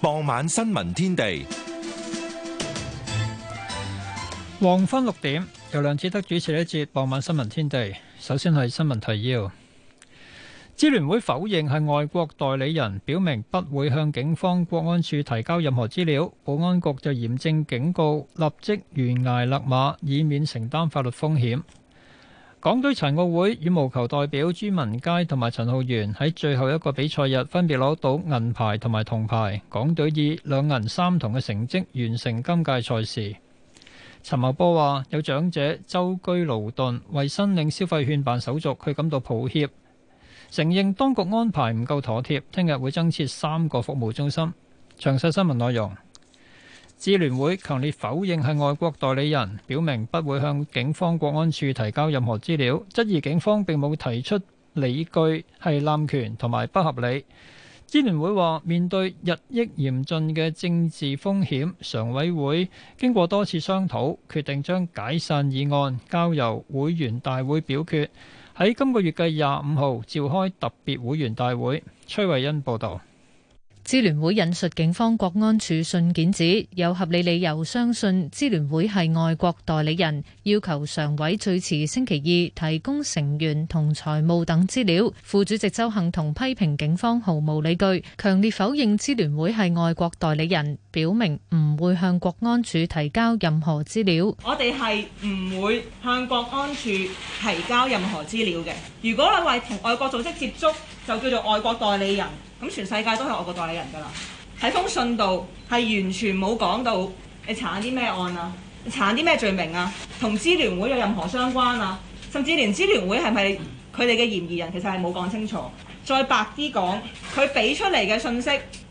傍晚新聞天地，黃昏六點由梁志德主持呢節傍晚新聞天地。首先係新聞提要，支聯會否認係外國代理人，表明不會向警方國安處提交任何資料。保安局就嚴正警告，立即懸崖勒馬，以免承擔法律風險。港隊殘奧會羽毛球代表朱文佳同埋陳浩源喺最後一個比賽日分別攞到銀牌同埋銅牌，港隊以兩銀三銅嘅成績完成今屆賽事。陳茂波話：有長者周居勞頓為申領消費券辦手續，佢感到抱歉，承認當局安排唔夠妥貼，聽日會增設三個服務中心。詳細新聞內容。支聯會強烈否認係外國代理人，表明不會向警方、國安處提交任何資料，質疑警方並冇提出理據係濫權同埋不合理。支聯會話：面對日益嚴峻嘅政治風險，常委會經過多次商討，決定將解散議案交由會員大會表決，喺今個月嘅廿五號召開特別會員大會。崔慧欣報導。支聯會引述警方國安處信件指，有合理理由相信支聯會係外國代理人，要求常委最遲星期二提供成員同財務等資料。副主席周幸彤批評警方毫無理據，強烈否認支聯會係外國代理人，表明唔會向國安處提交任何資料。我哋係唔會向國安處提交任何資料嘅。如果你話同外國組織接觸，就叫做外國代理人。咁全世界都係我個代理人㗎啦，喺封信度係完全冇講到你查啲咩案啊，查啲咩罪名啊，同支聯會有任何相關啊，甚至連支聯會係咪佢哋嘅嫌疑人，其實係冇講清楚。再白啲講，佢俾出嚟嘅信息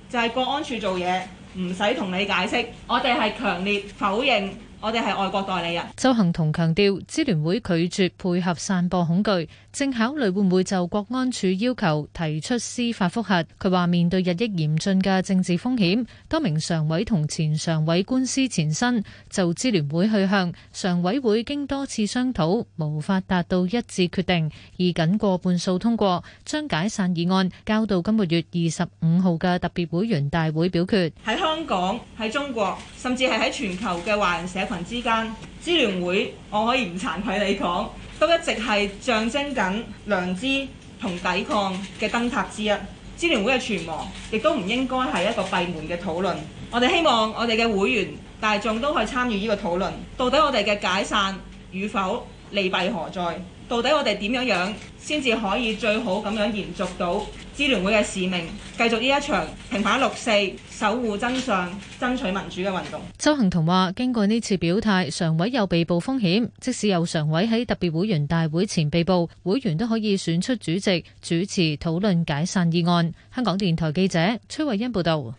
就係國安處做嘢，唔使同你解釋。我哋係強烈否認。我哋係外國代理人。周恒同強調，支聯會拒絕配合散播恐懼，正考慮會唔會就國安處要求提出司法覆核。佢話，面對日益嚴峻嘅政治風險，多名常委同前常委官司纏身，就支聯會去向，常委會經多次商討，無法達到一致決定，而僅過半數通過將解散議案交到今個月二十五號嘅特別會員大會表決。喺香港、喺中國，甚至係喺全球嘅華人社群。之間，支聯會我可以唔慚愧地講，都一直係象徵緊良知同抵抗嘅燈塔之一。支聯會嘅存亡，亦都唔應該係一個閉門嘅討論。我哋希望我哋嘅會員大眾都可以參與呢個討論。到底我哋嘅解散與否，利弊何在？到底我哋點樣樣先至可以最好咁樣延續到支聯會嘅使命，繼續呢一場平反六四、守護真相、爭取民主嘅運動。周恒同話，經過呢次表態，常委有被捕風險，即使有常委喺特別會員大會前被捕，會員都可以選出主席，主持討論解散議案。香港電台記者崔慧欣報道。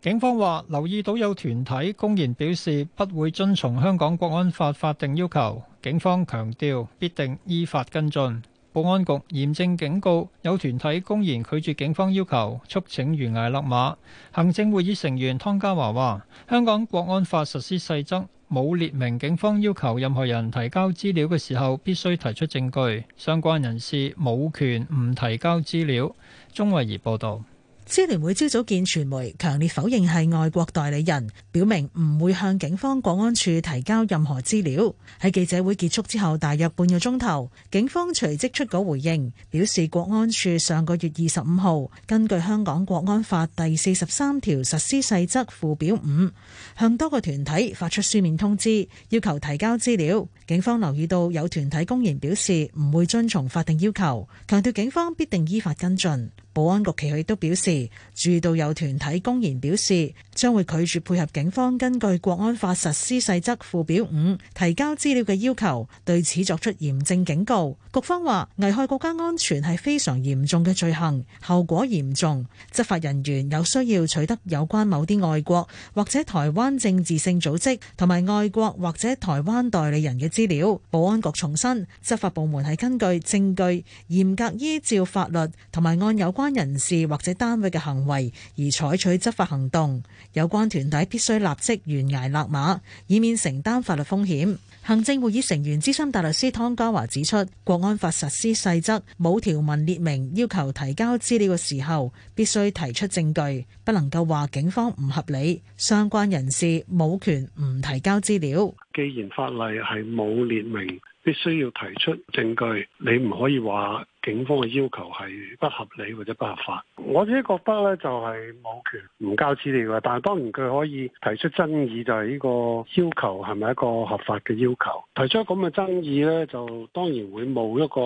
警方話留意到有團體公然表示不會遵從香港國安法法定要求，警方強調必定依法跟進。保安局嚴正警告有團體公然拒絕警方要求，促請懸崖勒馬。行政會議成員湯家驊話：香港國安法實施細則冇列明警方要求任何人提交資料嘅時候必須提出證據，相關人士冇權唔提交資料。鐘慧儀報導。支聯會朝早見傳媒，強烈否認係外國代理人，表明唔會向警方國安處提交任何資料。喺記者會結束之後大約半個鐘頭，警方隨即出稿回應，表示國安處上個月二十五號根據《香港國安法》第四十三條實施細則附表五，向多個團體發出書面通知，要求提交資料。警方留意到有團體公然表示唔會遵從法定要求，強調警方必定依法跟進。保安局期許都表示，注意到有團體公然表示將會拒絕配合警方根據《國安法》實施細則附表五提交資料嘅要求，對此作出嚴正警告。局方話：危害國家安全係非常嚴重嘅罪行，後果嚴重。執法人員有需要取得有關某啲外國或者台灣政治性組織同埋外國或者台灣代理人嘅資料。保安局重申，執法部門係根據證據，嚴格依照法律同埋按有關人士或者單位嘅行為而採取執法行動。有關團體必須立即懸崖勒馬，以免承擔法律風險。行政會議成員資深大律師湯家華指出，國安法實施細則冇條文列明要求提交資料嘅時候，必須提出證據，不能夠話警方唔合理，相關人士冇權唔提交資料。既然法例係冇列明必須要提出證據，你唔可以話，警方嘅要求係不合理或者不合法，我自己覺得咧，就係冇權唔交資料嘅，但係當然佢可以提出爭議，就係呢個要求係咪一個合法嘅要求？提出咁嘅爭議咧，就當然會冒一個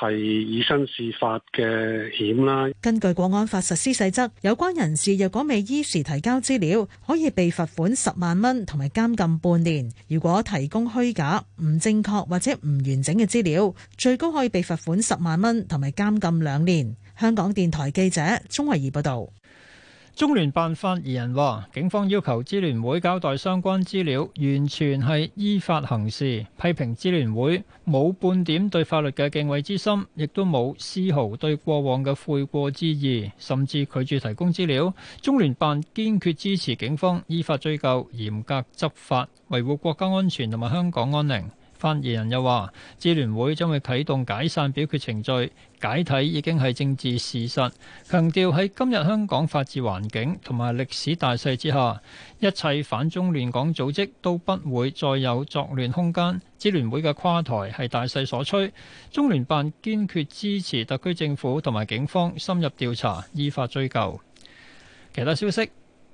係以身試法嘅險啦。根據國安法實施細則，有關人士若果未依時提交資料，可以被罰款十萬蚊同埋監禁半年；如果提供虛假、唔正確或者唔完整嘅資料，最高可以被罰款十萬蚊，同埋監禁兩年。香港電台記者鍾慧儀報道，中聯辦發言人話：警方要求支聯會交代相關資料，完全係依法行事。批評支聯會冇半點對法律嘅敬畏之心，亦都冇絲毫對過往嘅悔過之意，甚至拒絕提供資料。中聯辦堅決支持警方依法追究，嚴格執法，維護國家安全同埋香港安寧。發言人又話：支聯會將會啟動解散表決程序，解體已經係政治事實。強調喺今日香港法治環境同埋歷史大勢之下，一切反中亂港組織都不會再有作亂空間。支聯會嘅垮台係大勢所趨，中聯辦堅決支持特區政府同埋警方深入調查，依法追究。其他消息：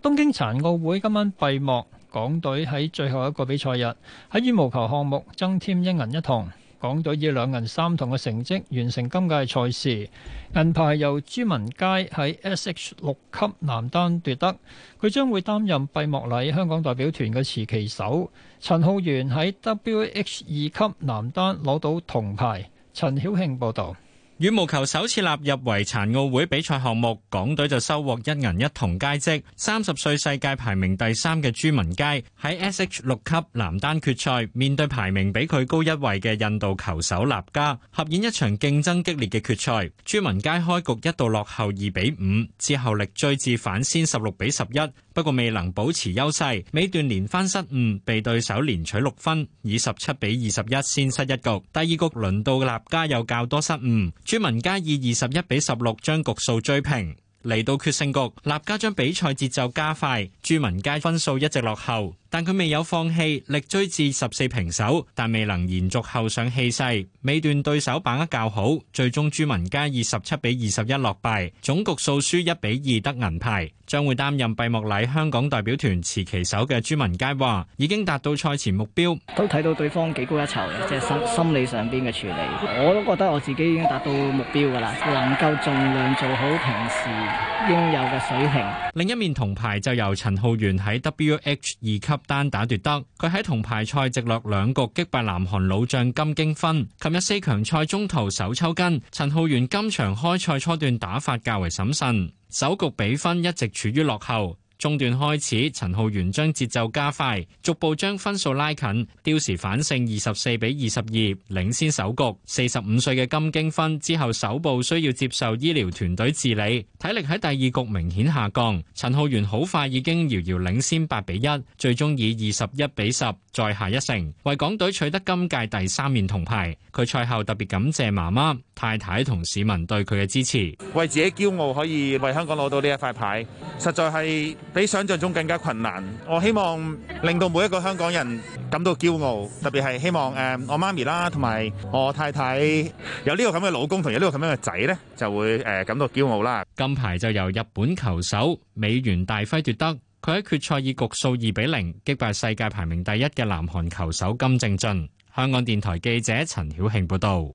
東京殘奧會今晚閉幕。港隊喺最後一個比賽日喺羽毛球項目增添一銀一銅，港隊以兩銀三銅嘅成績完成今屆賽事。銀牌由朱文佳喺 SH 六級男單奪得，佢將會擔任閉幕禮香港代表團嘅持旗手。陳浩源喺 WH 二級男單攞到銅牌。陳曉慶報道。羽毛球首次納入圍殘奧會比賽項目，港隊就收穫一銀一銅佳績。三十歲世界排名第三嘅朱文佳喺 S.H. 六級男單決賽，面對排名比佢高一位嘅印度球手納加，合演一場競爭激烈嘅決賽。朱文佳開局一度落後二比五，之後力追至反先十六比十一，不過未能保持優勢，尾段連番失誤，被對手連取六分，以十七比二十一先失一局。第二局輪到納加有較多失誤。朱文佳以二十一比十六將局數追平，嚟到決勝局，立家將比賽節奏加快，朱文佳分數一直落後。但佢未有放棄，力追至十四平手，但未能延續後上氣勢。尾段對手把握較好，最終朱文佳以十七比二十一落敗，總局數輸一比二得銀牌。將會擔任閉幕禮香港代表團持旗手嘅朱文佳話：已經達到賽前目標。都睇到對方幾高一籌，即係心理上邊嘅處理，我都覺得我自己已經達到目標㗎啦，能夠盡量做好平時應有嘅水平。另一面銅牌就由陳浩源喺 WH 二級單打奪得，佢喺銅牌賽直落兩局擊敗南韓老將金京勳。琴日四強賽中途手抽筋，陳浩源今場開賽初段打法較為審慎，首局比分一直處於落後。中段開始，陳浩源將節奏加快，逐步將分數拉近，刁時反勝二十四比二十二，領先首局。四十五歲嘅金京芬之後首部需要接受醫療團隊治理，體力喺第二局明顯下降。陳浩源好快已經遙遙領先八比一，最終以二十一比十再下一城，為港隊取得今屆第三面銅牌。佢賽後特別感謝媽媽。太太同市民對佢嘅支持，為自己驕傲，可以為香港攞到呢一塊牌，實在係比想像中更加困難。我希望令到每一個香港人感到驕傲，特別係希望誒我媽咪啦，同埋我太太有呢個咁嘅老公，同有呢個咁樣嘅仔呢，就會誒感到驕傲啦。金牌就由日本球手美原大輝奪得，佢喺決賽以局數二比零擊敗世界排名第一嘅南韓球手金正俊。香港電台記者陳曉慶報導。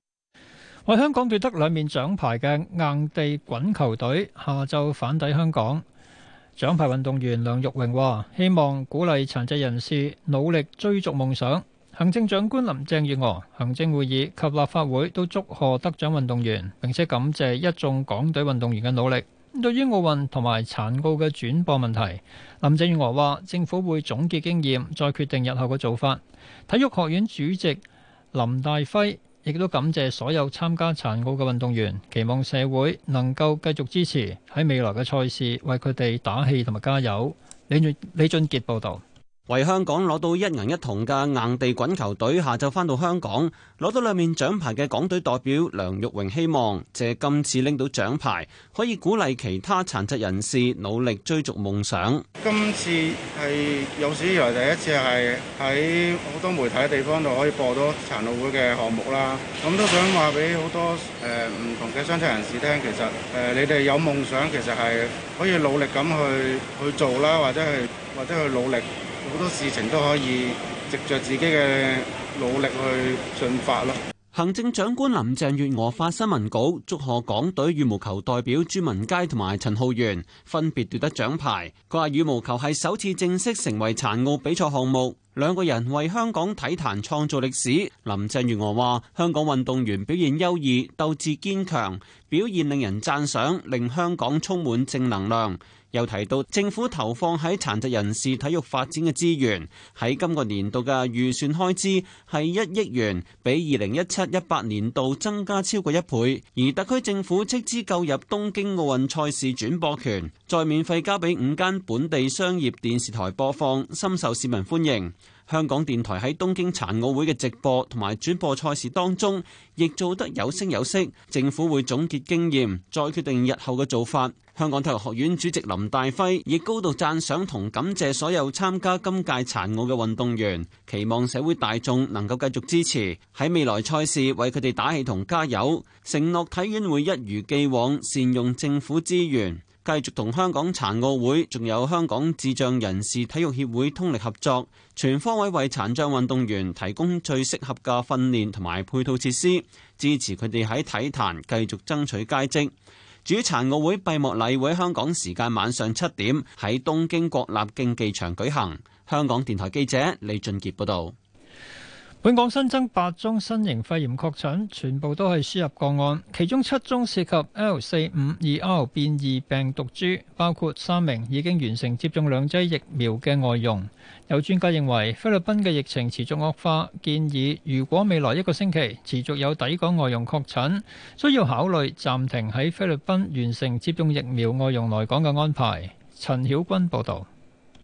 為香港奪得兩面獎牌嘅硬地滾球隊下晝返抵香港，獎牌運動員梁玉榮話：希望鼓勵殘疾人士努力追逐夢想。行政長官林鄭月娥、行政會議及立法會都祝賀得獎運動員，並且感謝一眾港隊運動員嘅努力。對於奧運同埋殘奧嘅轉播問題，林鄭月娥話：政府會總結經驗，再決定日後嘅做法。體育學院主席林大輝。亦都感謝所有參加殘奧嘅運動員，期望社會能夠繼續支持喺未來嘅賽事，為佢哋打氣同埋加油。李俊李俊傑報導。為香港攞到一銀一銅的硬地滾球隊下晝返到香港攞到兩面獎牌的港隊代表梁玉榮，希望借今次拎到獎牌可以鼓勵其他殘疾人士努力追逐夢想。今次係有史以來第一次係喺好多媒體的地方度可以播到殘奧會的項目啦，咁都想話俾好多唔同的傷殘人士聽，其實你哋有夢想，其實係可以努力咁去去做或者去努力好多事情都可以藉着自己嘅努力去進發咯。行政長官林鄭月娥發新聞稿，祝賀港隊羽毛球代表朱文佳同埋陳浩源分別奪得獎牌。佢話羽毛球係首次正式成為殘奧比賽項目。兩個人為香港體壇創造歷史。林鄭月娥話：香港運動員表現優異，鬥志堅強，表現令人讚賞，令香港充滿正能量。又提到政府投放喺殘疾人士體育發展嘅資源喺今個年度嘅預算開支係一億元，比二零一七一八年度增加超過一倍。而特區政府斥資購入東京奧運賽事轉播權，再免費交俾五間本地商業電視台播放，深受市民歡迎。香港電台喺東京殘奧會嘅直播同埋轉播賽事當中，亦做得有聲有色。政府會總結經驗，再決定日後嘅做法。香港體育學院主席林大輝亦高度讚賞同感謝所有參加今屆殘奧嘅運動員，期望社會大眾能夠繼續支持喺未來賽事為佢哋打氣同加油。承諾體院會一如既往善用政府資源。繼續同香港殘奧會，仲有香港智障人士體育協會通力合作，全方位為殘障運動員提供最適合嘅訓練同埋配套設施，支持佢哋喺體壇繼續爭取佳績。至於殘奧會閉幕禮會香港時間晚上七點喺東京國立競技場舉行。香港電台記者李俊傑報道。本港新增八宗新型肺炎確診，全部都係輸入個案，其中七宗涉及 L 四五二 R 變異病毒株，包括三名已經完成接種兩劑疫苗嘅外傭。有專家認為菲律賓嘅疫情持續惡化，建議如果未來一個星期持續有抵港外傭確診，需要考慮暫停喺菲律賓完成接種疫苗外傭來港嘅安排。陳曉君報道。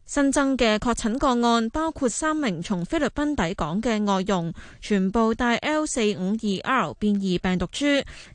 新增嘅確診個案包括三名從菲律賓抵港嘅外傭，全部帶 L 四五二 R 變異病毒株。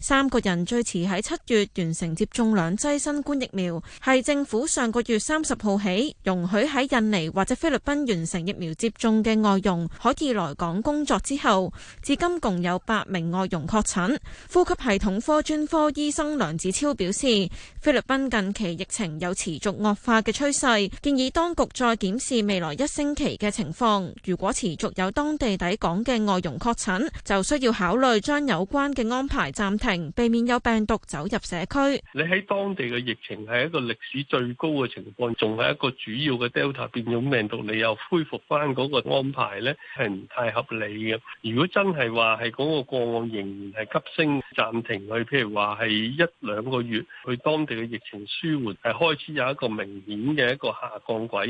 三個人最遲喺七月完成接種兩劑新冠疫苗，係政府上個月三十號起容許喺印尼或者菲律賓完成疫苗接種嘅外傭可以來港工作之後。至今共有八名外傭確診。呼吸系統科專科醫生梁子超表示，菲律賓近期疫情有持續惡化嘅趨勢，建議當，再檢視未來一星期嘅情況，如果持續有當地抵港嘅外傭確診，就需要考慮將有關嘅安排暫停，避免有病毒走入社區。你喺當地嘅疫情係一個歷史最高嘅情況，仲係一個主要嘅 Delta 變種病毒，你又恢復翻嗰個安排呢，係唔太合理嘅。如果真係話係嗰個個案仍然係急升，暫停去，譬如話係一兩個月，去當地嘅疫情舒緩，係開始有一個明顯嘅一個下降軌。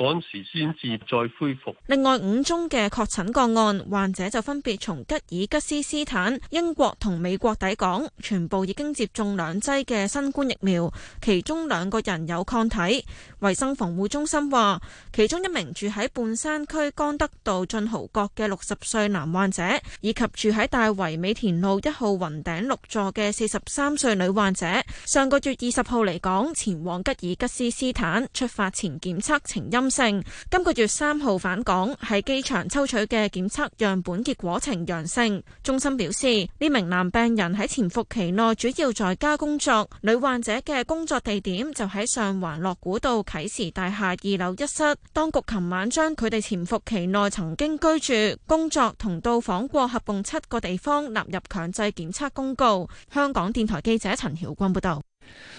嗰時先至再恢復。另外五宗嘅確診個案，患者就分別從吉爾吉斯斯坦、英國同美國抵港，全部已經接種兩劑嘅新冠疫苗，其中兩個人有抗體。衞生防護中心話，其中一名住喺半山區江德道俊豪閣嘅六十歲男患者，以及住喺大圍美田路一號雲頂六座嘅四十三歲女患者，上個月二十號嚟港，前往吉爾吉斯斯坦，出發前檢測呈陰性今個月三號返港，喺機場抽取嘅檢測樣本結果呈陽性。中心表示，呢名男病人喺潛伏期內主要在家工作，女患者嘅工作地點就喺上環樂古道啟時大廈二樓一室。當局琴晚將佢哋潛伏期內曾經居住、工作同到訪過合共七個地方納入強制檢測公告。香港電台記者陳曉君報道。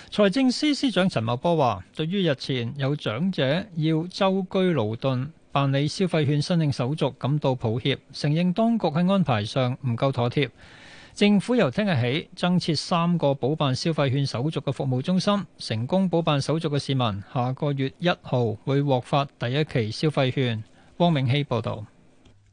財政司司長陳茂波話，對於日前有長者要周居勞頓辦理消費券申請手續感到抱歉，承認當局喺安排上唔夠妥貼。政府由聽日起增設三個補辦消費券手續嘅服務中心，成功補辦手續嘅市民下個月一號會獲發第一期消費券。汪永熙報道。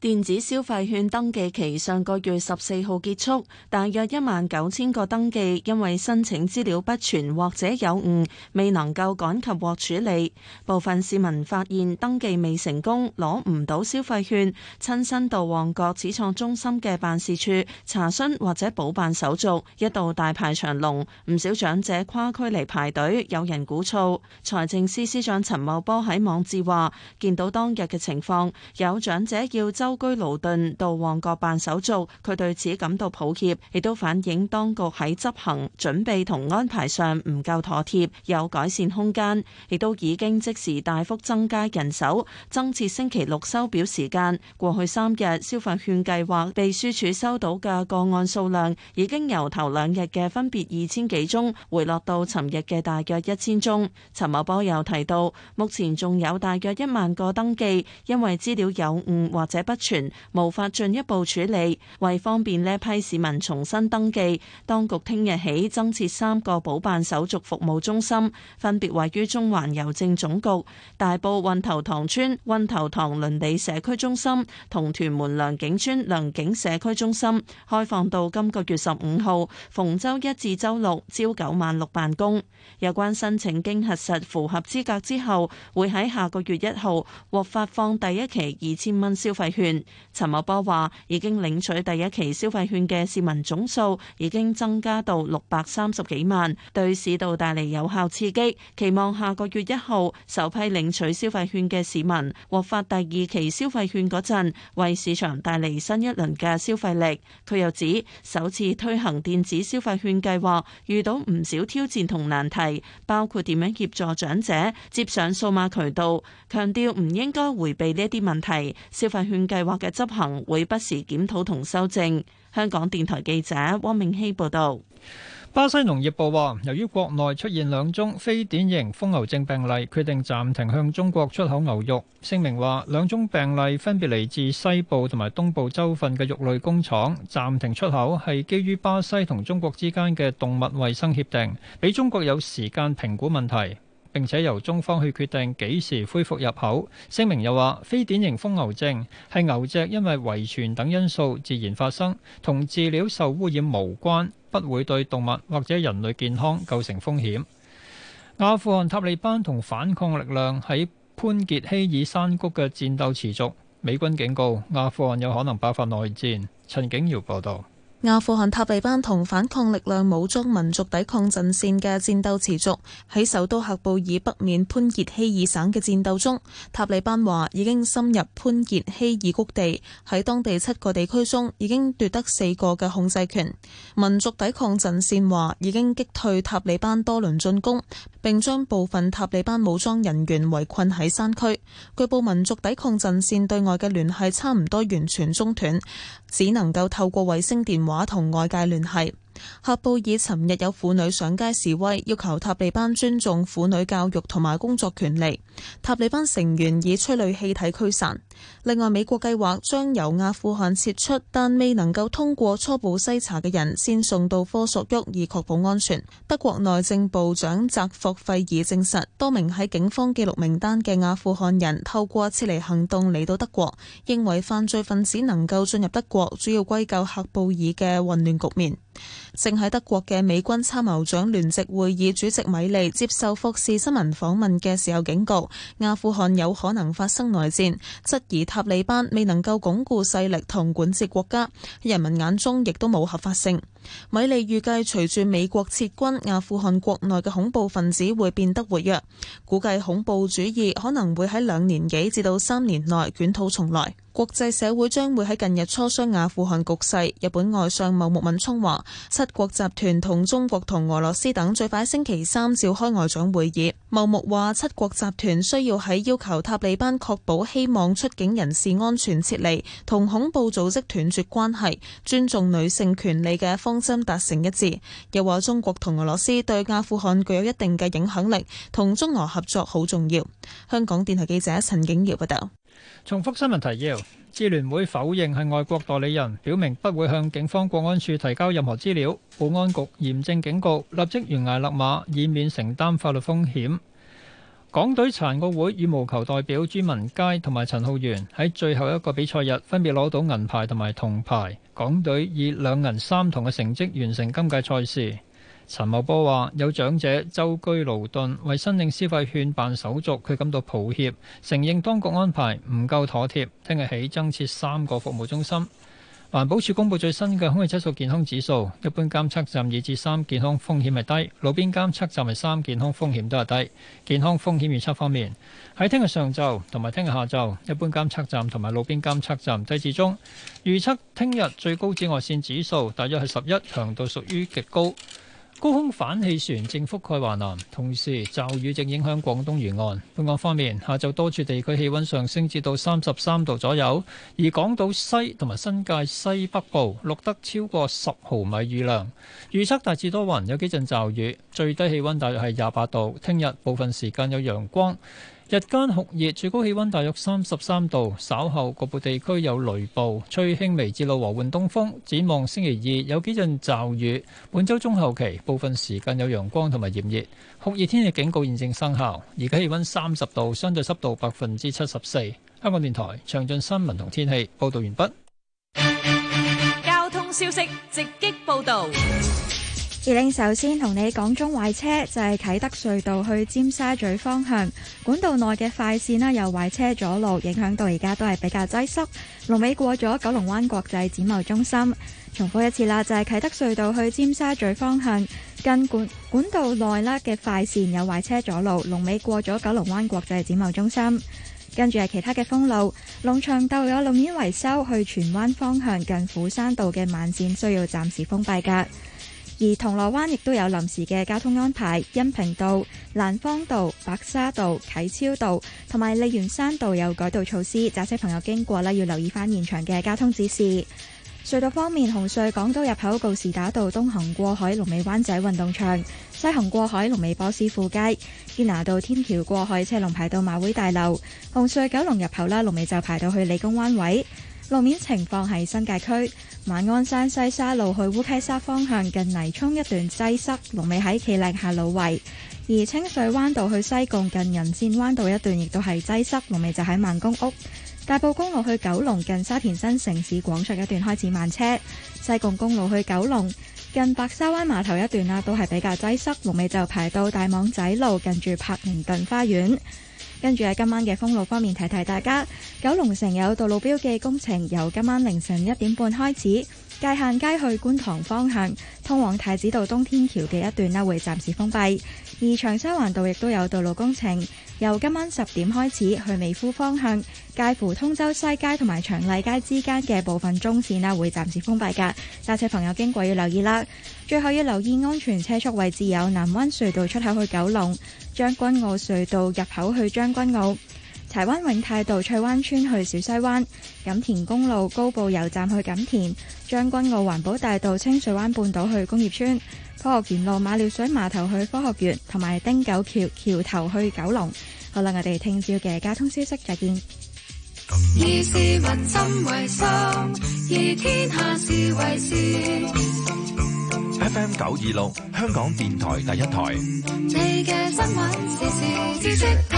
電子消費券登記期上個月十四號結束，大約一萬九千個登記因為申請資料不全或者有誤，未能夠趕及獲處理。部分市民發現登記未成功，攞唔到消費券，親身到旺角始創中心嘅辦事處查詢或者補辦手續，一度大排長龍。唔少長者跨區嚟排隊，有人鼓噪。財政司司長陳茂波喺網誌話：見到當日嘅情況，有長者要周舟車勞頓到旺角辦手續，佢對此感到抱歉，亦都反映當局喺執行、準備同安排上唔夠妥帖，有改善空間，亦都已經即時大幅增加人手，增設星期六收表時間。過去三日，消費券計劃秘書處收到嘅個案數量，已經由頭兩日嘅分別二千幾宗，回落到尋日嘅大約一千宗。陳茂波又提到，目前仲有大約一萬個登記，因為資料有誤或者不全無法進一步處理，為方便呢批市民重新登記，當局聽日起增設三個補辦手續服務中心，分別位於中環郵政總局、大埔運頭塘村、運頭塘鄰里社區中心同屯門良景村良景社區中心，開放到今個月十五號，逢周一至周六朝九晚六辦公。有關申請經核實符合資格之後，會喺下個月一號獲發放第一期二千蚊消費券。陳茂波話：已經領取第一期消費券嘅市民總數已經增加到六百三十幾萬，對市道帶嚟有效刺激。期望下個月一號首批領取消費券嘅市民獲發第二期消費券嗰陣，為市場帶嚟新一輪嘅消費力。佢又指，首次推行電子消費券計劃遇到唔少挑戰同難題，包括點樣協助長者接上數碼渠道，強調唔應該回避呢啲問題。消費券計劃計劃嘅執行會不時檢討同修正。香港電台記者汪明熙報道。巴西農業部話，由於國內出現兩宗非典型瘋牛症病例，決定暫停向中國出口牛肉。聲明話，兩宗病例分別嚟自西部同埋東部州份嘅肉類工廠，暫停出口係基於巴西同中國之間嘅動物衛生協定，俾中國有時間評估問題。並且由中方去決定幾時恢復入口。聲明又話，非典型瘋牛症係牛隻因為遺傳等因素自然發生，同飼料受污染無關，不會對動物或者人類健康構成風險。阿富汗塔利班同反抗力量喺潘傑希爾山谷嘅戰鬥持續，美軍警告阿富汗有可能爆發內戰。陳景瑤報道。阿富汗塔利班同反抗力量武裝民族抵抗陣線嘅戰鬥持續。喺首都喀布爾北面潘傑希爾省嘅戰鬥中，塔利班話已經深入潘傑希爾谷地，喺當地七個地區中已經奪得四個嘅控制權。民族抵抗陣線話已經擊退塔利班多輪進攻，並將部分塔利班武裝人員圍困喺山區。據報，民族抵抗陣線對外嘅聯繫差唔多完全中斷，只能夠透過衛星電。話同外界聯繫。喀布爾尋日有婦女上街示威，要求塔利班尊重婦女教育同埋工作權利。塔利班成員以催淚氣體驅散。另外，美國計劃將由阿富汗撤出，但未能夠通過初步篩查嘅人先送到科索沃，以確保安全。德國內政部長澤霍費爾證實，多名喺警方記錄名單嘅阿富汗人透過撤離行動嚟到德國，認為犯罪分子能夠進入德國，主要歸咎喀布爾嘅混亂局面。正喺德國嘅美軍參謀長聯席會議主席米利接受福士新聞訪問嘅時候警告，阿富汗有可能發生內戰，質疑塔利班未能夠鞏固勢力同管治國家，人民眼中亦都冇合法性。米利預計隨住美國撤軍，阿富汗國內嘅恐怖分子會變得活躍，估計恐怖主義可能會喺兩年幾至到三年內捲土重來。國際社會將會喺近日磋商阿富汗局勢。日本外相茂木敏充話：七七國集團同中國同俄羅斯等最快星期三召開外長會議。茂木話：七國集團需要喺要求塔利班確保希望出境人士安全撤離、同恐怖組織斷絕關係、尊重女性權利嘅方針達成一致。又話中國同俄羅斯對阿富汗具有一定嘅影響力，同中俄合作好重要。香港電台記者陳景堯報道。重複新聞提要。支聯會否認係外國代理人，表明不會向警方、國安處提交任何資料。保安局嚴正警告，立即懸崖勒馬，以免承擔法律風險。港隊殘奧會羽毛球代表朱文佳同埋陳浩源喺最後一個比賽日分別攞到銀牌同埋銅牌，港隊以兩銀三銅嘅成績完成今屆賽事。陳茂波話：有長者周居勞頓，為申領消費券辦手續，佢感到抱歉，承認當局安排唔夠妥貼。聽日起增設三個服務中心。環保署公布最新嘅空氣質素健康指數，一般監測站二至三健康風險係低，路邊監測站係三健康風險都係低。健康風險預測方面，喺聽日上晝同埋聽日下晝，一般監測站同埋路邊監測站低至中。預測聽日最高紫外線指數大約係十一，強度屬於極高。高空反氣旋正覆蓋華南，同時驟雨正影響廣東沿岸。本港方面，下晝多處地區氣温上升至到三十三度左右，而港島西同埋新界西北部錄得超過十毫米雨量。預測大致多雲，有幾陣驟雨，最低氣温大約係廿八度。聽日部分時間有陽光。日間酷熱，最高氣溫大約三十三度。稍後局部地區有雷暴，吹輕微至路和緩東風。展望星期二有幾陣驟雨，本周中後期部分時間有陽光同埋炎熱。酷熱天氣警告現正生效。而家氣溫三十度，相對濕度百分之七十四。香港電台詳盡新聞同天氣報道完畢。交通消息直擊報道。首先同你講中壞車，就係啟德隧道去尖沙咀方向管道內嘅快線啦，有壞車阻路，影響到而家都係比較擠塞。龍尾過咗九龍灣國際展貿中心，重複一次啦，就係啟德隧道去尖沙咀方向，跟管管道內啦嘅快線有壞車阻路，龍尾過咗九龍灣國際展貿中心，跟住係其他嘅封路。龍翔道有路面維修，去荃灣方向近斧山道嘅慢線需要暫時封閉噶。而銅鑼灣亦都有臨時嘅交通安排，恩平道、蘭芳道、白沙道、啟超道同埋利園山道有改道措施，揸車朋友經過呢，要留意返現場嘅交通指示。隧道方面，紅隧港島入口告士打道東行過海龍尾灣仔運動場，西行過海龍尾波斯富街，堅拿道天橋過海車龍排到馬會大樓，紅隧九龍入口啦，龍尾就排到去理工灣位。路面情況係新界區，馬鞍山西沙路去烏溪沙方向近泥涌一段擠塞，龍尾喺企嶺下老圍；而清水灣道去西貢近銀線灣道一段亦都係擠塞，龍尾就喺孟公屋。大埔公路去九龍近沙田新城市廣場一段開始慢車，西貢公路去九龍近白沙灣碼頭一段啦，都係比較擠塞，龍尾就排到大網仔路近住柏寧頓花園。跟住喺今晚嘅封路方面，提提大家，九龍城有道路標記工程，由今晚凌晨一點半開始。界限街去觀塘方向，通往太子道東天橋嘅一段啦，會暫時封閉。而長沙灣道亦都有道路工程，由今晚十點開始，去美孚方向，介乎通州西街同埋長荔街之間嘅部分中線啦，會暫時封閉㗎。揸車朋友經過要留意啦。最後要留意安全車速位置，有南灣隧道出口去九龍，將軍澳隧道入口去將軍澳，柴灣永泰道翠灣村去小西灣，錦田公路高步油站去錦田，將軍澳環保大道清水灣半島去工業村，科學園路馬料水碼頭去科學園，同埋汀九橋橋頭去九龍。好啦，我哋聽朝嘅交通消息再見。以市民心為心，以天下事為事。FM 九二六，麥麥 26, 香港電台第一台。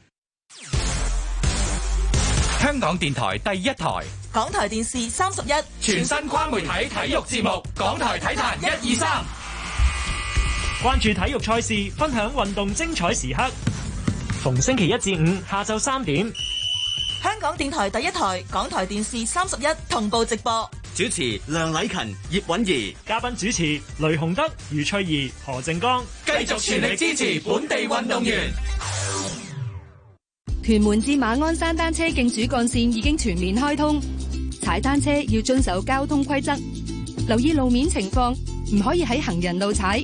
香港電台第一台，港台電視三十一，全新跨媒體體育節目，港台體壇一二三，關注體育賽事，分享運動精彩時刻。逢星期一至五下晝三點，香港電台第一台，港台電視三十一同步直播。主持梁禮勤、葉韻儀，嘉賓主持雷洪德、余翠怡、何正剛，繼續全力支持本地運動員。屯門至馬鞍山單車徑主幹線已經全面開通，踩單車要遵守交通規則，留意路面情況，唔可以喺行人路踩。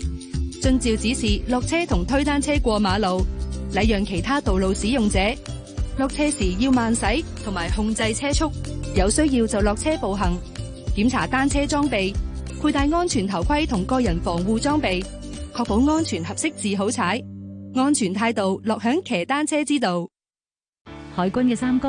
遵照指示落車同推單車過馬路，禮讓其他道路使用者。落車時要慢駛同埋控制車速，有需要就落車步行。檢查單車裝備，佩戴安全頭盔同個人防護裝備，確保安全，合適至好踩。安全態度，落響騎單車之道。海軍嘅三哥。